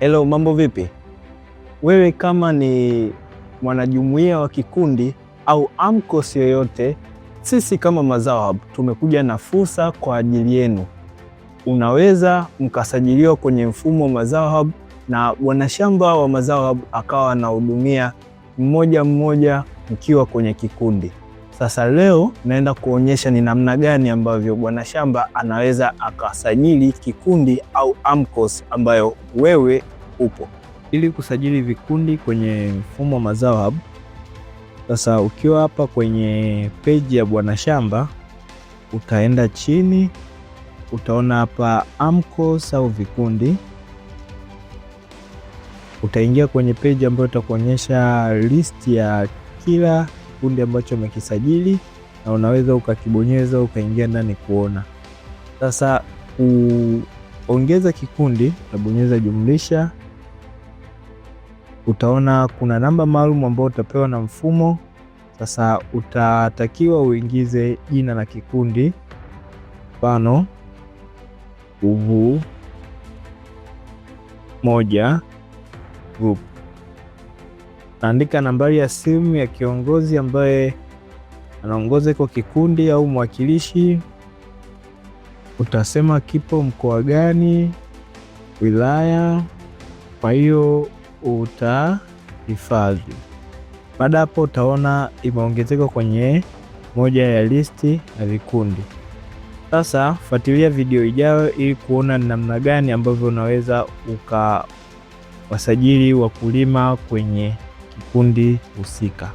Hello, mambo vipi? Wewe kama ni mwanajumuiya wa kikundi au AMCOS yoyote, sisi kama Mazao tumekuja na fursa kwa ajili yenu. Unaweza mkasajiliwa kwenye mfumo Mazao Hub na wanashamba wa Mazao Hub akawa anahudumia mmoja mmoja mkiwa kwenye kikundi. Sasa leo naenda kuonyesha ni namna gani ambavyo bwana shamba anaweza akasajili kikundi au AMCOS ambayo wewe upo. Ili kusajili vikundi kwenye mfumo wa Mazao Hub, sasa ukiwa hapa kwenye peji ya bwana shamba, utaenda chini, utaona hapa AMCOS au vikundi utaingia kwenye peji ambayo itakuonyesha listi ya kila kikundi ambacho umekisajili na unaweza ukakibonyeza ukaingia ndani kuona. Sasa kuongeza kikundi, utabonyeza jumlisha, utaona kuna namba maalum ambayo utapewa na mfumo. Sasa utatakiwa uingize jina la kikundi, mfano uvu moja group naandika nambari ya simu ya kiongozi ambaye anaongoza kwa kikundi au mwakilishi, utasema kipo mkoa gani, wilaya. Kwa hiyo utahifadhi. Baada hapo, utaona imeongezeka kwenye moja ya listi na vikundi. Sasa fuatilia video ijayo ili kuona namna gani ambavyo unaweza ukawasajili wakulima kwenye kikundi husika.